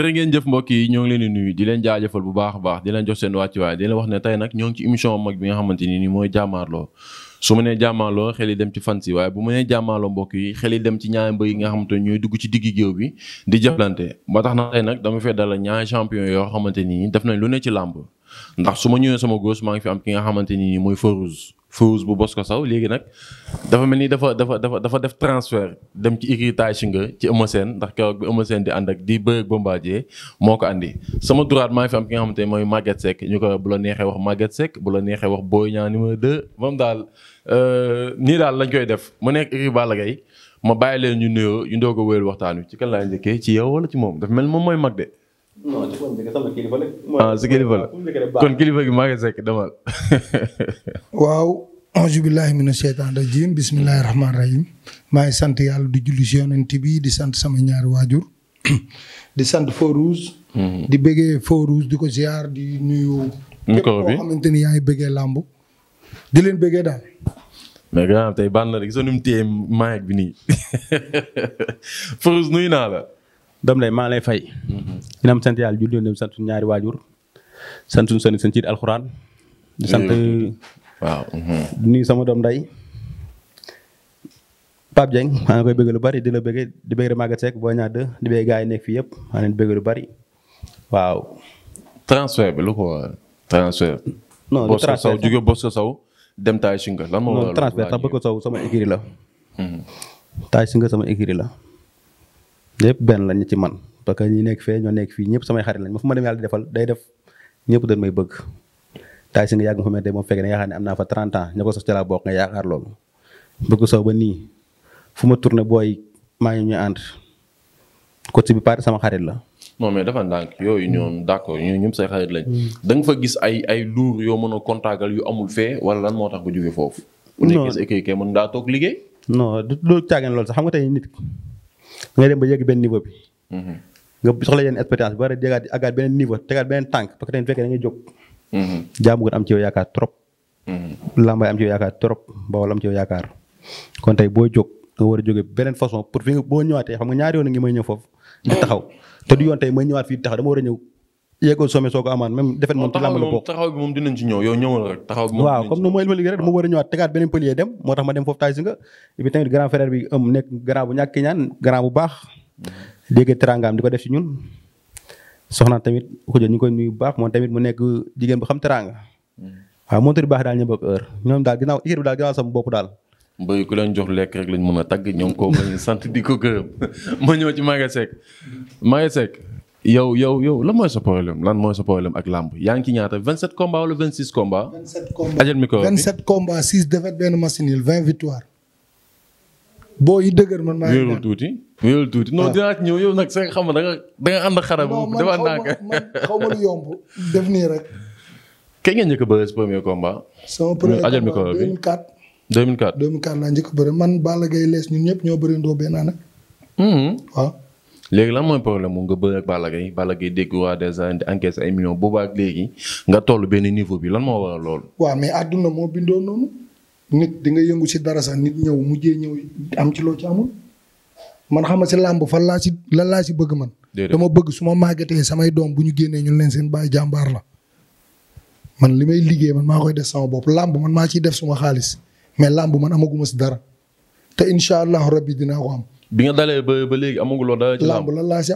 jërë ngeen jëf mbokk yi ñoo ngi leen di nuyu di leen jaajëfal bu baax a baax di leen jox seen wàccuwaay di leen wax ne tey nag ñoo ngi ci émission mag bi nga xamante ni nii mooy jàmmaarloo su ma nee jàmmaarloo xel yi dem ci fans yi waaye bu ma nee jàmmaarloo mbokk yi xel yi dem ci ñaari mbër yi nga xamante ni ñooy dugg ci diggi géew bi di jëflante ba tax na tey nag dama fee dalal ñaari champion yoo xamante nii def nañ lu ne ci làmb ndax su ma ñëwee sama góos maa ngi fi am ki nga xamante ni mooy Feu Rouge Fourouz bu Bosco saw léegi nag dafa mel ni dafa dafa dafa dafa def transfert dem ci équitage nga ci Eumeu seen ndax keroog bi Eumeu seen di ànd ak di bëre Bombardier moo ko andi sama droite maa ngi fi am ki nga xamante ne mooy Maguette Seck ñu ko bu la neexee wax Maguette Seck bu la neexee wax Boy Niang numéro 2 moom daal euh, nii daal lañ koy def mu nekk équipe Balla Gaye ma bàyyi leen ñu nuyoo ñu ndoo ko wéyal waxtaan wi ci kan laa njëkkee ci yow wala ci moom dafa moom mooy mag de. non sama kilifa la. ah si kilifa la kon kilifa gi maa ngi sekk demal. waaw. auzu billahi mina sheytaan bismillahi rahmaani rahim maa ngi sant yàlla di julli si yonent bi di sant sama ñaari waajur. di sant Feu Rouge. Mhm. di bëggee Feu di ko ziar di nuyu. micro bi képp koo xamante ni yaa ngi bëggee làmb di leen bëggee daal. mais gannaaw tey bànn na rek gisoo nu mu téye maayag bi nii Feu nuyu naa la. doom lay maa lay fay. Mm-hmm. dina am sant yàlla julli yoon sant suñu ñaari waajur sant suñu sëriñ sëriñ ci alxuraan. di sant mm-hmm. waaw. Mm-hmm. di nuyu sama doom nday Pape Dieng maa ngi koy bëgg lu bari di la bëgg di bëgg Maguette Seck boo ñaar di bëgg gaa yi nekk fii yëpp maa leen bëgg lu bari waaw. transfert bi lu ko waral transfert. non du transfert saw jóge Bosco Sow dem Taïsinga lan moo waral. non transfert sax Bosco Sow sama écurie la. Taïsinga sama écurie la. lépp benn lañu ci man parce que ñi nekk fii ñëpp samay xarit lañ ma fu ma dem yàlla defal day def ñëpp dañ may bëgg taay si nga yàgg ma xam ne fa 30 ans ña ko sos ci laa bokk nga yaakaar loolu ba nii fu ma tourné booy maa ngi ñu ànd côté bi pare sama xarit la. non mais dafa ndànk yooyu ñoom d'accord ñoom ñoom say xarit lañ. Mm. da nga fa gis ay ay luur yoo mën a kontaagal yu amul fee wala lan moo tax ba jógee foofu. non bu dee daa toog liggéey. non du loolu caagin loolu sax xam nga tey nit nga dem ba yegg benn niveau bi. Mm-hmm. nga soxla yenn expérience bi war a jégaat àggaat beneen niveau tegaat beneen tànk parce que tamit bu fekkee da mm-hmm. am ci yow yaakaar trop. Mm-hmm. lambay am ci yow yaakaar trop bawal am ci yow yaakaar kon tey boo jóg nga war a jóge beneen façon pour fi nga boo ñëwaatee xam nga ñaari yoon ngi may ñëw foofu. di taxaw te du yoon tey may ñëwaat fii taxaw dama war a ñëw yéegoo sommet soo ko amaan même defet moom taxaw bi moom dinañ ci ñëw yow ñëwal rek taxaw bi moom waaw comme nu mooy li rek mu war a ñëwaat tegaat beneen pëlier dem moo tax ma dem bu ñàkk ñaan grand bu mm-hmm. ko def si ñun soxna tamit xuja ñu koy nuyu baax moom tamit mu nekk jigéen bu xam teraanga mm-hmm. waaw montori baax daal ñëpp ak heure ñoom daal ginnaaw équipe bi daal ginnaaw sama bopp daal mbay ku leen jox mën a tagg ñoom ko sant di ko gërëm moo ñëw ci Maguette Seck Maguette Seck yow yow yow la mooy sa problème lan mooy sa problème ak làmb yaa ngi ci ñaata 27 combats wala 26 combats. 27 combats ajal micro 27 combats 6 défaites boo yi dëgër man tuuti wéerul tuuti non ah. dinaa ñëw xam da da nga ànd xarab. dafa ànd man xaw ma lu yomb def nii rek. kañ njëkk a bëre premier combat. sama premier combat 2004. 2004 2004 laa njëkk a bëre man Balla Gaye lees ñun ñëpp ñoo bëri ndoo benn année. Hmm. waaw. léegi lan mooy problème mu nga bëre ak Balla Gaye Balla Gaye dégg waa des années encaisse ay millions boobaa ak léegi nga tollu benn niveau bi lan moo waral loolu. waa mais àdduna moo bindoo noonu nit di nga yëngu si dara sax nit ñëw mujjee ñëw am ci loolu ci amul man xam si làmb fan laa si lan laa si bëgg man. dama bëgg suma ma màggatee samay doom bu ñu génnee ñun leen seen bàyyi jàmbaar la. man li may liggéey man maa koy def sama bopp làmb man maa ciy def suma xaalis mais làmb man amaguma si dara te incha allahu dinaa ko am. bi nga dalee ba ba léegi amaguloo dara ci làmb lan laa si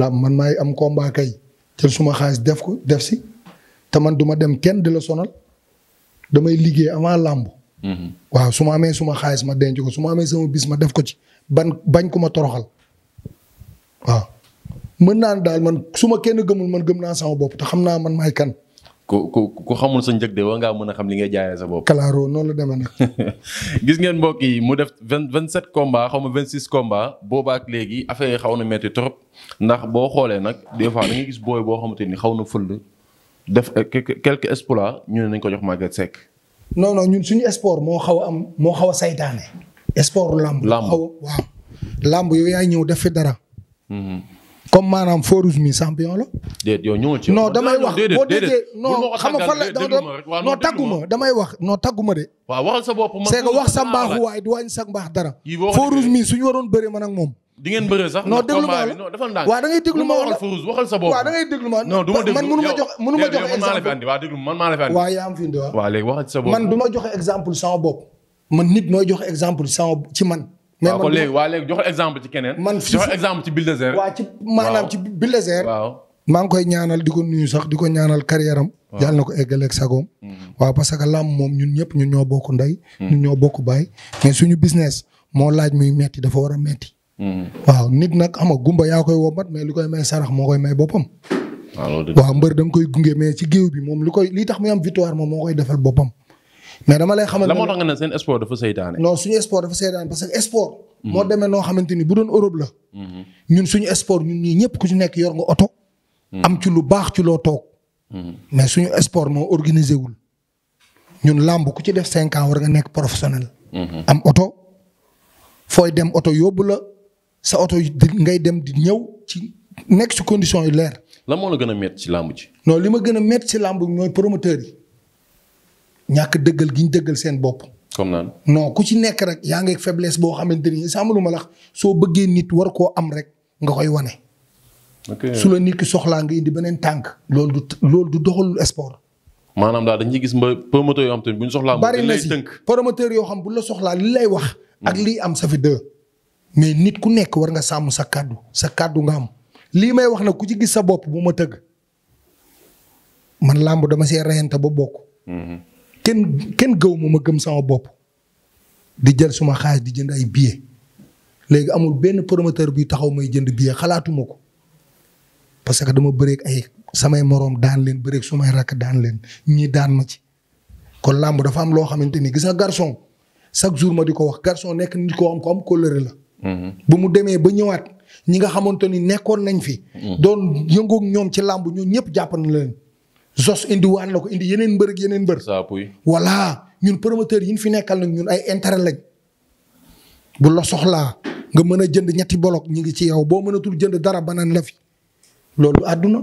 làmb man maay am combat kay jël suma xaalis def ko def si te man duma dem kenn di la sonal damay liggéey avant làmb mhm. waaw su ma amee suma xaalis ma denc ko su ma amee sama bis ma def ko ci ban bañ ko ma toroxal waaw mën naa daal man su kenn gëmul man gëm naa sama bopp te xam naa man maay kan ku ku ku xamul sa njëg de war ngaa mën a xam li ngay jaayee sa bopp. claro noonu la demee nag. gis ngeen mbokk mu def vingt vingt sept combats xaw ma vingt six combats boobaak léegi affaire xaw na metti trop ndax boo xoolee nag des fois da nga gis booy boo xamante ni xaw na fël def eh, quelque exploit ñu ne nañ ko jox magget Seck. non ñun suñu sport moo xaw am moo xaw a saytaane. sport lamb. lamb xaw yaay ñëw def fi dara. Mm-hmm. comme maanaam Foruz mi champion la. déedéet yow ñëwal damay wax boo déggee non xam nga fan la non damay wax noo tagguma de. waaw waxal sa bopp man c'est que wax sa mbaaxu waaye du wàññi sa mbaax dara. Foruz mi suñu waroon bëree man ak moom. di ngeen bëree sax noo déglu ma non defal ndànk waaw da ngay déglu ma wala waxal sa bopp waaw da ngay déglu ma non du ma déglu man mënu ma jox mënu ma joxe du ma joxe exemple sama bopp man nit mooy joxe exemple sama ci man mais man waaw kon léegi waa jox exemple ci keneen. man si exemple ci Bulldozer. waaw ci maanaam ci maa ngi koy ñaanal di ko nuyu sax di ko ñaanal carrière am. waaw yàlla na ko eggaleeg sagoom. Mm-hmm. waaw parce que làmb moom ñun ñëpp ñun ñoo bokk ndey. Mm-hmm. ñun ñoo bokk baay. mais suñu business moo laaj muy metti dafa war a metti. Mm-hmm. waaw nit nag ama gumba yaa koy wombat mais li koy may sarax moo koy may boppam. waaw mbër da nga koy gunge mais ci géew bi moom li koy li tax mu am victoire moom moo koy defal boppam. mais dama lay xamal. la moo tax nga ne seen sport dafa seytaane. non suñu sport dafa seytaane parce que sport. Mhm. moo demee noo xamante ni bu doon Europe la. Mhm. ñun suñu sport ñun ñii ñëpp ku ci nekk yor nga oto. Mhm. am ci lu baax ci loo toog. mais suñu sport moo organisé wul. ñun làmb ku ci def cinq ans war nga nekk professionnel. am oto fooy dem oto yóbbu la sa oto ngay dem di ñëw ci nekk ci condition yu leer. la moo la gën a métti ci làmb ji. non li ma gën a mett ci làmb mooy promoteur yi. ñàkk dëggal gi ñu dëggal seen bopp. comme naan non ku ci nekk rek yaa ngi faiblesse boo xamante ni sàmm lu ma lax soo bëggee nit war koo am rek nga koy wane. su la nit ki soxlaa nga indi beneen tànk. loolu du loolu du doxalul sport. maanaam daal dañuy gis mba promoteur yoo bari na si promoteur yoo xam bu la soxlaa li lay wax. Mm. ak lii am sa fi mais nit ku nekk war nga sàmm sa kàddu sa kàddu nga am lii may wax nag ku ci gis sa bopp bu ma tëgg man làmb dama see reyante ba bokk. Mm-hmm. kenn kenn gëw ma ma gëm sama bopp di jël suma xaalis di jënd ay billets léegi amul benn promoteur buy taxaw may jënd billet xalaatuma ko parce que dama bëreeg ay samay morom daan leen bëreeg sumay rakk daan leen ñii daan ma ci. kon làmb dafa am loo xamante ni gis nga garçon chaque jour ma di ko wax garçon nekk nit ko am ko am kóllëre la. Mm-hmm. bu mu demee ba ñëwaat ñi nga xamante ni nekkoon nañ fi. Mm-hmm. doon yëngoog ñoom ci làmb ñoom ñëpp jàpp na leen. zos indi waat na ko indi yeneen mbër ak yeneen mbër. saapuy ñun promoteur yi ñu fi nekkal nag ñun ay intérêt bu la soxlaa nga mën a jënd ñetti bolok ñu ngi ci yow boo mënatul jënd dara banaan la fi loolu àdduna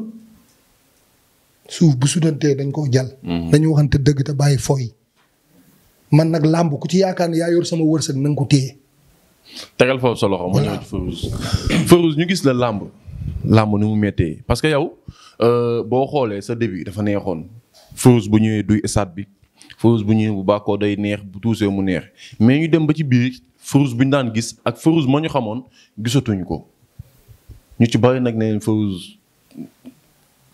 suuf bu sudantee dañ koo jal mhm. dañu waxante dëgg te bàyyi fooy. man nag làmb ku ci yaakaar ne yaa yor sama wërsëg na nga ko téye. tegal foofu sa loxo ma ñëw ci Feu Rouge. ñu gis la làmb. làmb ni mu méttee parce que yow euh, boo xoolee sa début dafa neexoon Fawz bu ñëwee duy stade bi Fawz bu ñëwee bu bàkkoo day neex bu tuusee mu neex mais ñu dem ba ci biir Fawz bu ñu daan gis ak Fawz ma ñu xamoon gisatuñ ko ñu ci bari nag ne Fawz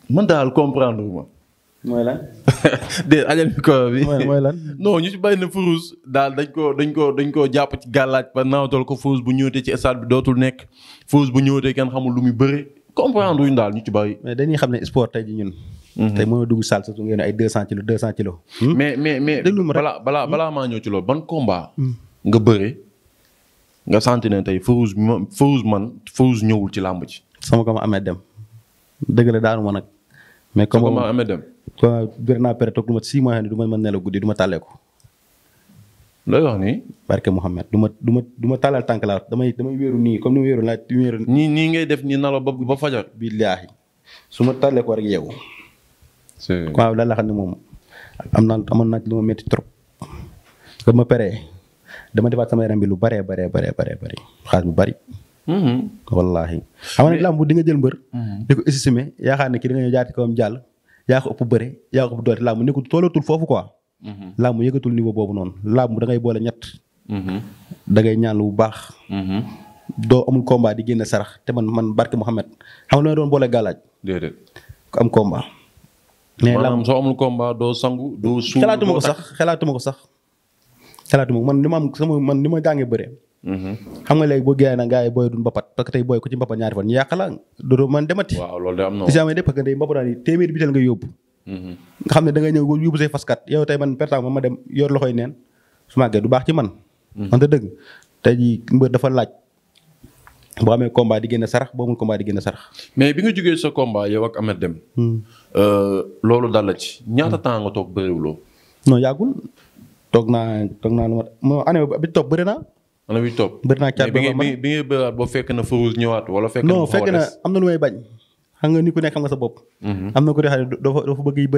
man daal comprendre ma. mooy lan. déedéet ajal micro bi. mooy lan non ñu ci bàyyi na Fourouz daal dañ koo dañ koo dañ koo jàpp ci gàllaaj ba naawatal ko Fourouz bu ñëwatee ci stade bi dootul nekk Fourouz bu ñëwatee kenn xamul lu muy bëri wu wuñ daal ñu ci bàyyi. mais dañuy xam ne sport tey ji ñun. Mhm. tey mën na dugg salle su ngeen ay 200 kilos 200 kilos. Hmm? mais mais mais balaa balaa hmm? balaa maa ñëw ci loolu ban combat. Hmm. nga bëri nga sentir ne tey Fourouz man Fourouz man Fourouz ñëwul ci làmb ci. sama ko ma amee dem dëgg daanu ma nag. mais comme ma amee dem. waaw bëri naa pere toog du ma six mois du ma mën nelaw guddi du ma tàllee looy wax nii. barke Mouhamed du ma du ma du ma tàllal tànk laa damay damay wéeru nii comme ni ni nii ngay def nii nalaw ba ba fajar. billaahi su ma tàllee ko rek yeewu. c'est waaw la xam ne moom am naa amoon naa lu ma métti trop. ba ma peree dama defaat sama yaram bi lu baree baree baree baree xaalis bu bari. Mm-hmm. wallaahi. xam nga ne lamb di nga jël mbër. Mm-hmm. di ko estimé yaakaar ne ki da ñëw jaati kawam jàll. yaa ko ëpp bëre yaa ko ëpp doole làmb nekkul toolatul foofu quoi. Mhm. làmb yëkkatul niveau boobu noonu làmb da ngay boole ñett. Mhm. da ngay ñaan lu bu baax. Mhm. doo amul komba di génne sarax te man man barke Mouhamed xam nga doon boole gàllaaj. déedéet ku am combat. mais làmb soo amul komba doo sangu doo. suul xalaatuma ko sax xalaatuma ko sax xalaatuma ko man li ma am sama man li ma jàngee bëre. Mm-hmm. xam nga léegi boo génnee nag gars yi booy duñ mbapat parce que tey booy ko ci mbapat ñaari fan ñu yàq la dodo man demati waaw loolu de am na si amee de parce que tey nga yóbbu mm-hmm. nga xam ne da nga man dem yor loxoy neen su màggee du baax ci man mm-hmm. wante dëgg tey mbër dafa laaj boo amee combat di génn sarax boo amul combat di génn sarax mais bi nga jógee sa combat yow ak Ameth Deme mm. euh, loolu dal la ci ñaata mm. temps nga toog loo non yàggul toog naa toog naa lu ma année bi toog bëri naa ana bi topp bëri naa caat bi nga bi nga boo fekk na Farouz ñëwaat wala fekk na non fekk na nga ni ku nekk xam sa bopp mhm. am na ko dee xam ne dafa dafa bëgg yi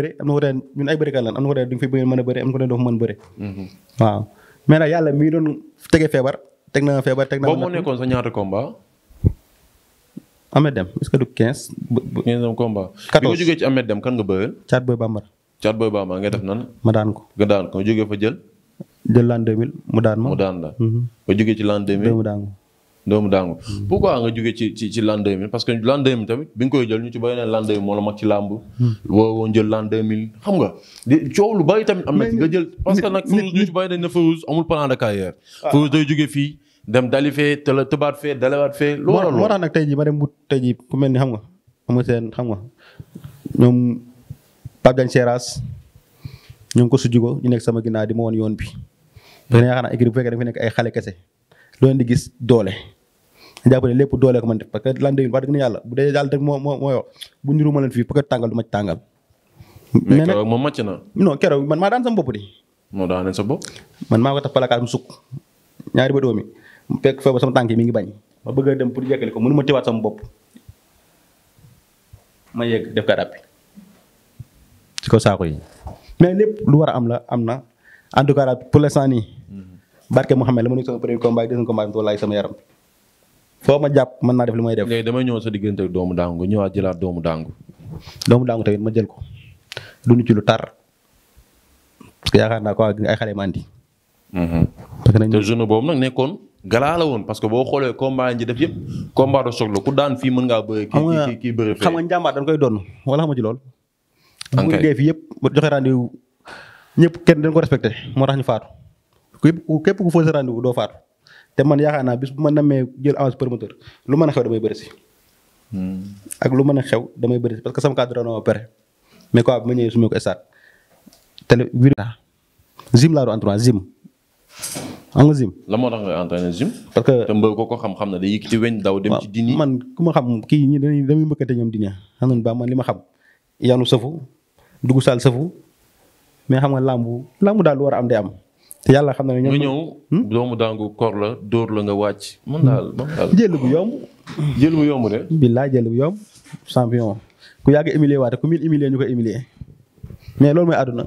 bëre na yàlla mi doon tege feebar teg na feebar teg na boobu moo sa ñaata combat Ahmed Dem est que du 15. quinzième combat. 14 bi nga nga bëgg. Caat Boy Bambara. Caat Boy Bambara nga def nan. ma daan ko nga daan ko jógee fa jël. jël l'an 2000 mu daan ma mu daan la. nga mhm. jógee ci l'an 2000 doomu daangu. doomu daangu mhm. nga jógee ci ci ci l'an 2000 parce que l'an 2000 tamit bi nga koy jël ñu ci bëri na l'an 2000 moo la mag ci làmb. Mhm. xam nga di coow lu bëri tamit am nga jël. parce que nag Fourouz ñu ci bëri ne Fourouz amul plan de carrière. Ah. day jógee fii dem dali fee tëla tëbaat fee dalewaat fee. lu waral moo tax nag tey jii ma dem bu tey jii ku mel ni xam nga amu seen xam ñoo ngi ko sujj ko ñu nekk sama ginnaaw di ma woon yoon bi parce que yaakaar naa équipe dafa nekk ay xale kese loo leen di gis doole. ñu lépp doole ko man def parce que lan dégg wax dëgg yàlla bu dee yàlla rek moo moo moo bu niru ma leen fii parce tàngal du ma ci tàngal. mais keroog moom màcc na. non keroog man maa daan sama bopp di. moo daan sa bopp. man maa ko tax palakaat mu sukk ñaari ba doomi mu fekk foofu sama tànk yi mi ngi bañ ma bëgg a dem pour jekkali ko mënu ma teewaat sama bopp ma yegg def ko ràppi saako yi. mais lépp lu war a am la am na en tout cas daal pour l'instant nii mhm. barke Mouhamed la ma nekk sama premier combat deuxième combat bi walaay sama yaram foo ma jàpp mën naa def li may def. léegi damay ñëw sa diggante ak doomu daangu ñëwaat jëlaat doomu daangu. doomu daangu tamit ma jël ko dund ci lu tar parce yaakaar naa ko ay xale maa andi. Mhm. parce que nekkoon galaa la woon parce que boo xoolee combat yi ñu def yëpp combat de choc la ku daan fii mën ngaa bëree. kii kii fee xam nga njàmbaar dañ koy doon wala xam nga ok bu dee fii yëpp ba joxe ñëpp kenn dañ ko respecté moo tax ñu faatu képp ku fausse rendez-vous doo faatu te man yaakaar naa bis bu man namee jël avance promoteur lu mën a xew damay si. Hmm. ak lu mën a xew damay bëri si parce que sama cadre na ma pare mais quoi bi ma ñëwee su ma ko estaat télé vidéo ah. gym la moo parce que te mbër ko ko xam-xam na day yëkkati weñ daw dem ci dini man ku ma xam ki ñi dañuy dañuy mbëkkante ñoom dini xam nga ba man li ma xam yanu sëfu dugg saal sëfu mais xam nga làmbu làmbu daal lu war a am day am. te yàlla xam na ne ñoom nga ñëw. Hmm? doomu daangu kor la dóor la nga wàcc. mën daal mën daal hmm. jël bu yomb. jël bu yomb de. billaay jël bu yomb champion ku yàgg humilier waate ku mil humilier ñu ko humilier mais loolu mooy àdduna.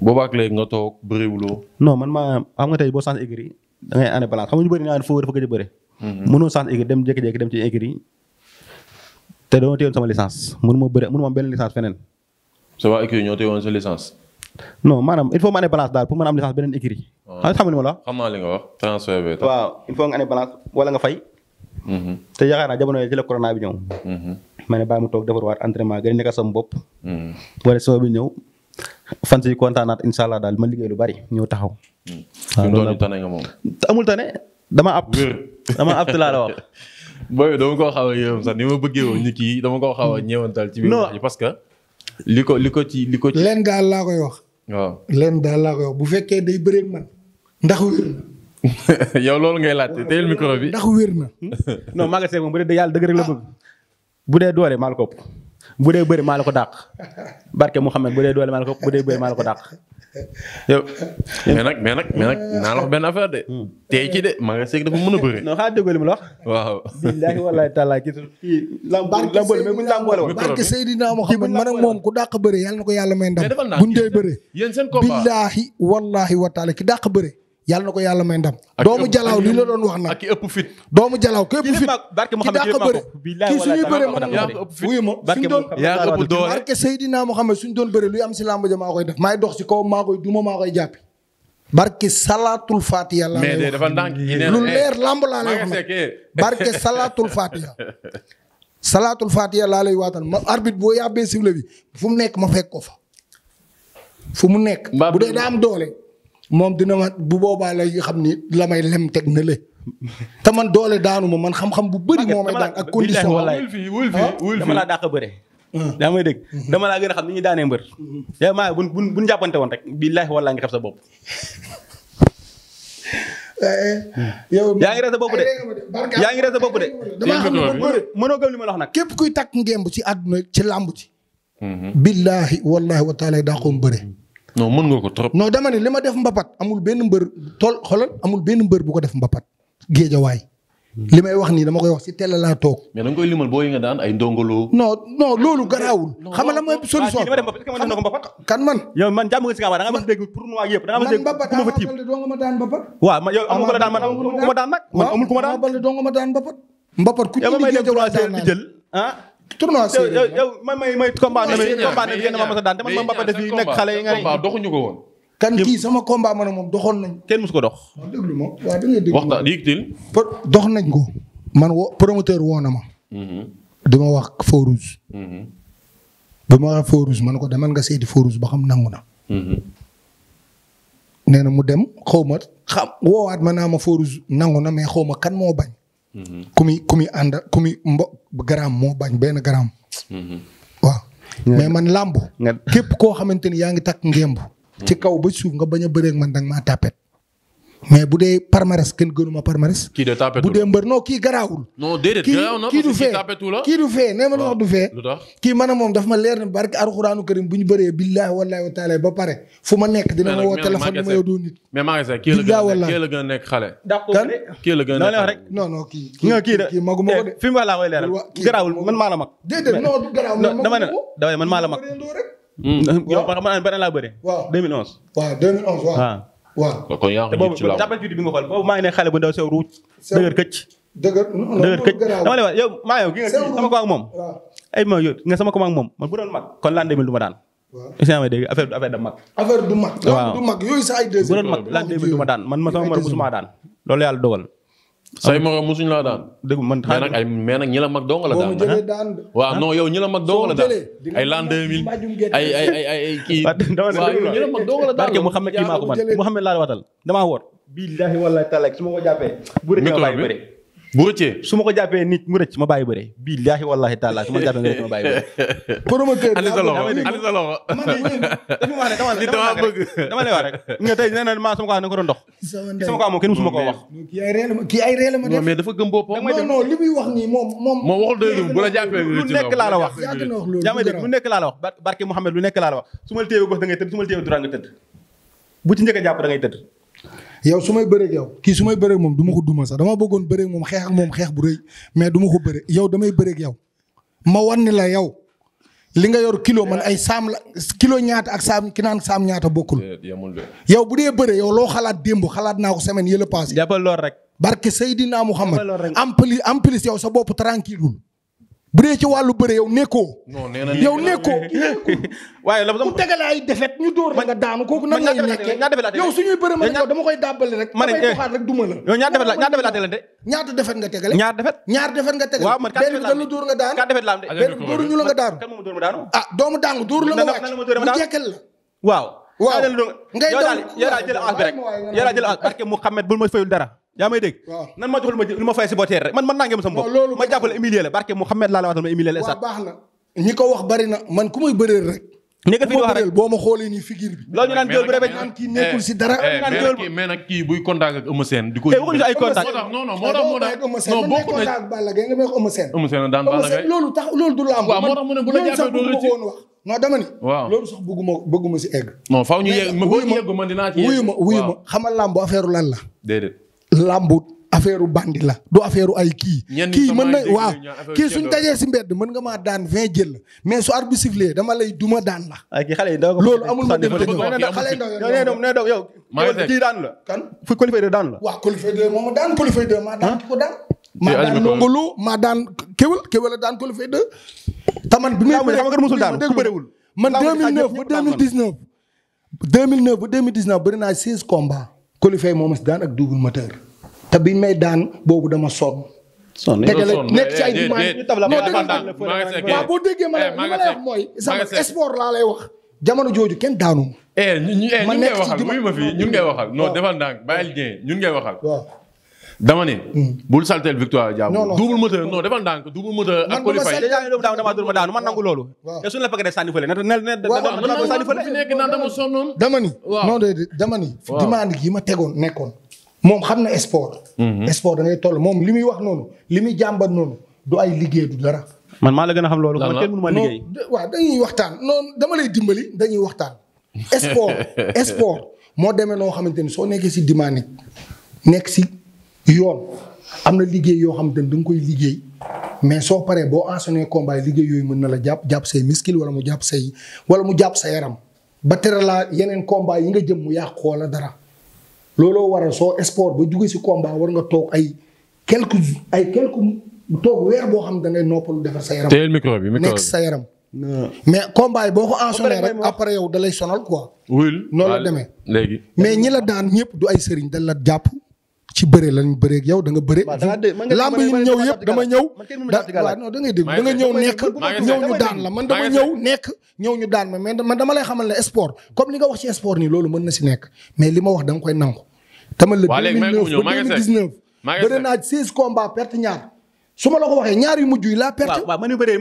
boobaak léegi nga toog bëriwuloo. non man maa xam nga tey boo sans écrit da ngay année balance xam nga ñu bëri naa ne foo dafa gëj a bëri. Mhm. mënoo sans écrit dem jékki-jékki dem ci écrit te dama téyoon sama licence mënuma bëri mënuma am benn licence feneen sa waa écurie ñoo teewoon sa licence. non maanaam il faut ma année balance daal pour mën a am licence beneen écurie. xam nga li ma xam naa li nga wax transfert bi. waaw il faut nga mhm. mhm. ma a nekk sama bopp. Mhm. wala sama bi ñëw. fan ma liggéey lu bari ñëw taxaw. waaw loolu tane nga moom. amul tane dama apt a sax ni ma bëggee woon kii dama koo xaw a ñeewantal. ci biir wax ji parce que. li ko li ko ci li ko ci. leen daal laa koy wax. waaw leen daal laa koy wax bu fekkee day bëreeg man ndax wér na. yow loolu ngay laajte teyel micro bi. ndax wér na. non maa ngi seeg moom bu dee yàlla dëgg rek la bëgg. bu dee doole maa la ko ëpp bu dee bëri maa la ko dàq barke Mouhamed bu dee doole maa la ko ëpp bu dee bëri maa la ko dàq. yow mais nag mais nag mais nag naa la wax a affaire de. Hmm. tey de maa ngi seeg dafa mën a bëre. non xaaral déggoo li mu la wax. waaw. billaahi wallaahi taalaa gis nga a barke Seydina Muhammad moom ku dàq bëre yàlla na ko yàlla may ndam. buñ dee bëre. yéen seen combat billaahi wallaahi wa taala ki dàq bëre. yàlla ko yàlla may ndam. doomu jalaaw li la doon wax nag. ak ëpp fit doomu jalaaw képp fit. barke Mouhamed ki suñuy bëree mën na ko def wuyu ma suñ doon. yaa ëpp doole barke Seydina Mouhamed suñ doon bëree luy am si làmb ja maa koy def. maay dox si kaw maa koy duma maa koy jàppi. barke salaatul fatiha laa lay wax lu eh, leer làmb laa lay wax nag barke salaatul fatiha. salaatul fatiha laa lay waatal ma arbitre boo yàbbee sifflet bi fu mu nekk ma fekk ko fa fu mu nekk bu dee daa am doole moom dina ma bu boobaa lay xam ni la may lem teg na le te man doole daanu ma man xam-xam bu bëri moo may daan ak condition wul fi wul dama laa dàq bëre daa ah. may dégg dama laa a xam ni ñu daanee mbër yow maa bu bu buñ jàppante woon rek billaahi wallaahi nga xam sa bopp eh, eh. yow yaa ngi rese bopp de yaa ngi bopp de damaa xam mënoo gëm li ma la wax nag képp kuy takk ngemb ci àdduna ci làmb ci mhm. billaahi wallaahi wa taala daa ko bëre non mën nga ko trop. noo dama ne li ma def mbapat amul benn mbër tool xoolal amul benn mbër bu ko def mbapat. géejawaay. li may wax nii dama koy wax si télé laa toog. mais da nga koy limal booy daan ay ndongolo. non non loolu garaawul. xam nga lan mooy solution kan man. yow man jàmm nga si kaw da nga ma dégg tournoi yëpp da nga ma dégg ku ma fa tiim mbapat daan mbapat. waaw man yow amul ku ma daan mbapat. mbapat ku ci liggéey jël ah tournoi séeréer yow man may may combat na combat a ma mos a daan te man ma Mbappé def yi nekk xale yi nga combat doxuñu ko woon kan kii sama combat man moom doxoon nañ kenn mosu ko dox déglu ma waaw da ngay déglu waxtaan yigtil nañ ko man wo promoteur woo na ma wax Fourouz ba ma wax Fourouz mhm. man ko demal nga seeti Fourouz ba xam nangu na mhm. nee na mu dem xawma ma woo woowaat ma naa ma Fourouz nangu na mais xaw ma kan moo bañ ku muy ku muy ànd ku muy mbo garaam moo bañ benn garaam. waaw mais man làmb. képp koo xamante ni yaa ngi takk ngemb. ci kaw ba suuf nga bañ a bëreeg man danga maa tàppet. mais bu dee palmarès kenn gënuma palmarès. kii de tapetul bu dee mbër non kii garaawul. na kii du fee nee ma la du fee. kii man a moom daf ma leer na barke alxuraanu bu ñu bëree billaahi wallaahi ba pare fu ma nekk dina ma woo téléphone bi ma yow doo nit. mais maa ngi a nekk xale. kan kii a ma ko de. man maa la mag. déedéet non man dama ne dama man maa mag. waaw kon yaa ngi ci laaw te boobu bi nga xool boobu maa ngi ne xale bu ndaw sew ruuj. dëgër këcc. dama lay yow maa yow gi nga sama ko moom. ma yow nga sama moom man bu doon mag kon l'an 2000 du ma daan. waaw si ma dégg affaire da mag. affaire du mag. waaw mag yooyu sa ay deux bu doon mag l'an 2000 du ma daan man ma sama mor musuma daan loolu yàlla dogal say morom musuñ laa daan. dégg man mais nag ay mais nag ñi la mag dong la daan. waaw non yow ñi la mag dong la daan. ay l'an 2000 ay ay ay ay kii. waaw ñi la mag dong la daan. barke Mouhamed kii maa ko man Mouhamed laa watal damaa woor. billahi wallahi taala su ma ko jàppee. bu rek nga bàyyi bëri. bu rëccee su ma ko jàppee nit mu rëcc ma bàyyi bëre billaahi wallaahi taala su ma jàppee nga rëcc ma bàyyi bëre. promoteur andi sa loxo andi sa loxo. ko wax. kii ay réel ma kii ay réel ma def. mais muy wax nii moom moom. moom lu nekk laa la wax. yaa nekk laa la wax barke nekk laa la wax su ma la téye gos nga tëdd bu ci njëkk a jàpp da tëdd yow su may bëreeg yow kii su may bëreeg moom du ma ko duma sax dama bëggoon bëreeg moom xeex moom xeex bu rëy mais du ma ko bëreeg yow damay bëreeg yow ma wan ni la yow li nga yor kilo man ay saam la kilo ñaata ak saam ki naan saam ñaata bokkul. Eh, yow bu dee bëre yow loo xalaat démb xalaat naa ko semaine yële passé. jàppal lool rek. barke Seydina Muhammad am plus am plus yow sa bopp tranquille bu dee ci wàllu bëre yow nekkoo. non nee na yow nekkoo. waaye la ku tegale ay defet ñu dóor la nga daanu kooku nan lay nekkee yow suñuy bëre ma yow dama koy ñaar eh, defet la ñaar defet laa tegalante. ñaata defet nga tegale. ñaar defet daanu. quatre ah, la nga daanu. ngay daal yow jël as bi rek yow daal jël as parce que dara yaa may dégg nan ma joxul ma lu ma fay si boteer rek man man naa ngeen sama bopp ma jàppale humilier la barke na ñi wax bari na man ku may bëreel boo ma xoolee nii figure bi loolu ñu naan géwél bu eh, kii buy contact ak Eumeu Sène di ko waxuñu ay contact non non moo tax mu ne sax bëgguma bëgguma ma boo yegg man dinaa ci wuyu ma wuyu ma lan la déedéet làmbu affaire bandi la doo affaire ay kii. kii mën na waaw kii suñ dajee si mbedd mën nga maa daan vingt jël mais su arbitre bi sifflé dama lay duma daan la. ak ah, xale loolu amul ma dem te ñëw daan la. kan fu qualifié de daan la. waaw qualifié de moom daan qualifié de maa daan ko daan. maa daan nongolu maa daan kéwél kéwél daan qualifié de. taman bi muy bëree xam nga musul daan ku bëriwul. man 2009 ba ba 2019 bëri naa 16 combats Colifay moom si daan ak double moteur te bii may daan boobu dama son sonn nekk ci ay dimanche eh, eh, eh, ñu tabla waaw boo déggee ma ne ma lay wax mooy sama sport laa lay wax jamono jooju kenn daanu. ma nekk ci ma fi ñun ngay waxal non defal ndànk bàyyil ñun ngay waxal. dama ne. Hmm. bul saltel victoire Diabo. non non double moteur non defal dama dama dama daanu man nangu loolu. waaw te suñu la fekkee de sànni fële ne ne dama sànni ma tegoon nekkoon. moom xam na sport. Mhm. sport da ngay toll moom li muy wax noonu li muy jàmbat noonu du ay liggéey du dara. man maa la gën a xam loolu. man kenn mënu ma liggéey. waaw dañuy waxtaan dama lay dimbali dañuy waxtaan. sport sport moo demee noo xamante ni soo nekkee si demande nekk si yoon am na liggéey yoo xam te ne da koy liggéey mais soo paree boo enchaîné combat liggéey yooyu mën na la jàpp jàpp say miskil wala mu jàpp say wala mu jàpp sa yaram ba tere laa yeneen combat yi nga jëm mu yàqu la dara. looloo waral soo sport ba jugee si combat war nga toog ay quelques ay quelques toog weer boo xam da ngay noppalu defar sa yaram. teel micro yi micro bi sa yaram. mais combat boo ko enchaîné rek après yow da lay sonal quoi. wul noonu la demee. léegi mais ñi la daan ñëpp du ay sëriñ dañ la jàpp. ci bëre lañ bëree ak yow da nga bëre. lamb yi ñëw yëpp dama ñëw. waaw non ñëw nekk ñëw ñu daan la man dama ñëw nekk ñëw ñu daan ma man dama lay xamal ne sport comme li nga wax ci sport nii loolu mën na si nekk mais li ma wax da koy nangu. dama la 2009 ba 2019 bëri naa 16 combats perte ñaar su ma la ko waxee ñaar yu mujj yi laa perte. waaw waaw man yu bëree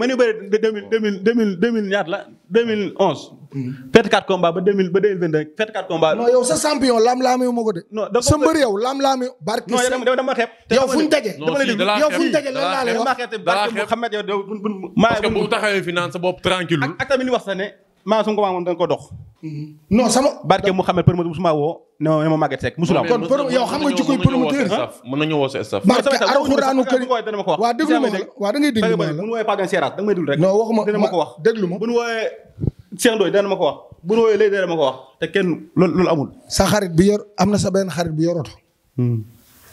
fête quatre combat ba deux mille ba deux mille vingt deux fête quatre combat. non yow sa champion lam laam yu ma ko de. non da sa mbër yow lam laam yu. barki sa non yow dama xeeb. yow fu ñu daje. non si da laa xeeb yow fu ñu daje lan laa lay wax. da yow bu bu parce que bu taxawee fi naan sa bopp tranquille ak tamit li wax sax ne maa su ma ko maa moom da nga ko dox. Mm-hmm. non sama. barke Mouhamed promoteur musuma woo ne ma ne ma Maguette Seck musula kon yow xam nga jikkoy promoteur ah? mën nañu woo sa staff barke alxuraanu kër waa déglu ma waa da ngay déglu ma la bu ñu wooyee Pagan Seras da nga may déglu rek non waxuma déglu ma déglu ma bu ñu wooyee Cheikh Ndoye dana ma ko wax bu ko te kenn loolu amul. sa xarit bi yor am na sa benn xarit bi yoroto. Hmm.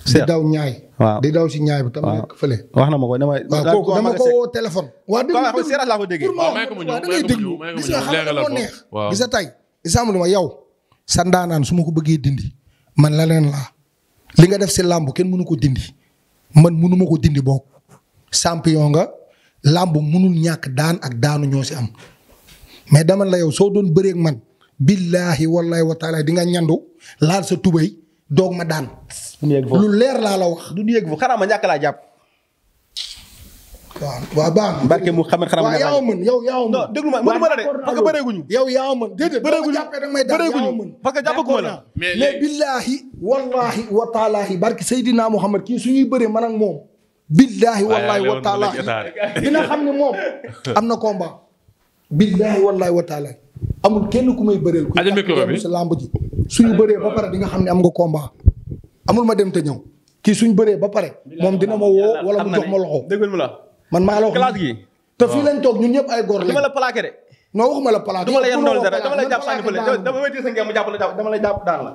di daw ñaay. waaw di daw si ñaay bi tam nekk ma ko ko woo téléphone. waa dégg nga seeraat laa ko déggee. waaw may ko mu ñëw ma yow. sa ndaanaan su ma ko bëggee dindi. man la leen laa. li nga def si làmb kenn mënu ko dindi. man mënu ma ko dindi bokk. champion nga. làmb mënul ñàkk daan ak daanu ñoo si am. mais dama la yow soo doon bëreeg man billaahi wallaahi wa di nga ñandu laal sa tubay ma daan. leer laa la du ñu yëg foofu xanaa ma ñàkk laa jàpp. waaw mu xam ne xanaa ma que bëreeguñu. yow yaa mën déedéet bëreeguñu bëreeguñu que jàppaguma la. mais mais billaahi wallaahi wa taalaahi suñuy bëree man ak moom. dina xam ne moom am na combat billaahi wallaahi wa taala amul kenn ku may bëreel. ku ñu si làmb ji suñu bëree ba pare di nga xam ne am nga combat amul ma dem te ñëw kii suñu bëree ba pare moom dina ma woo wala mu jox ma loxo. déglu ma la man maa la wax classe gi. te fii lañ toog ñun ñëpp ay góor lañ. dama la plaqué de. non waxuma la plaqué. dama la yem doole dara dama la daan la.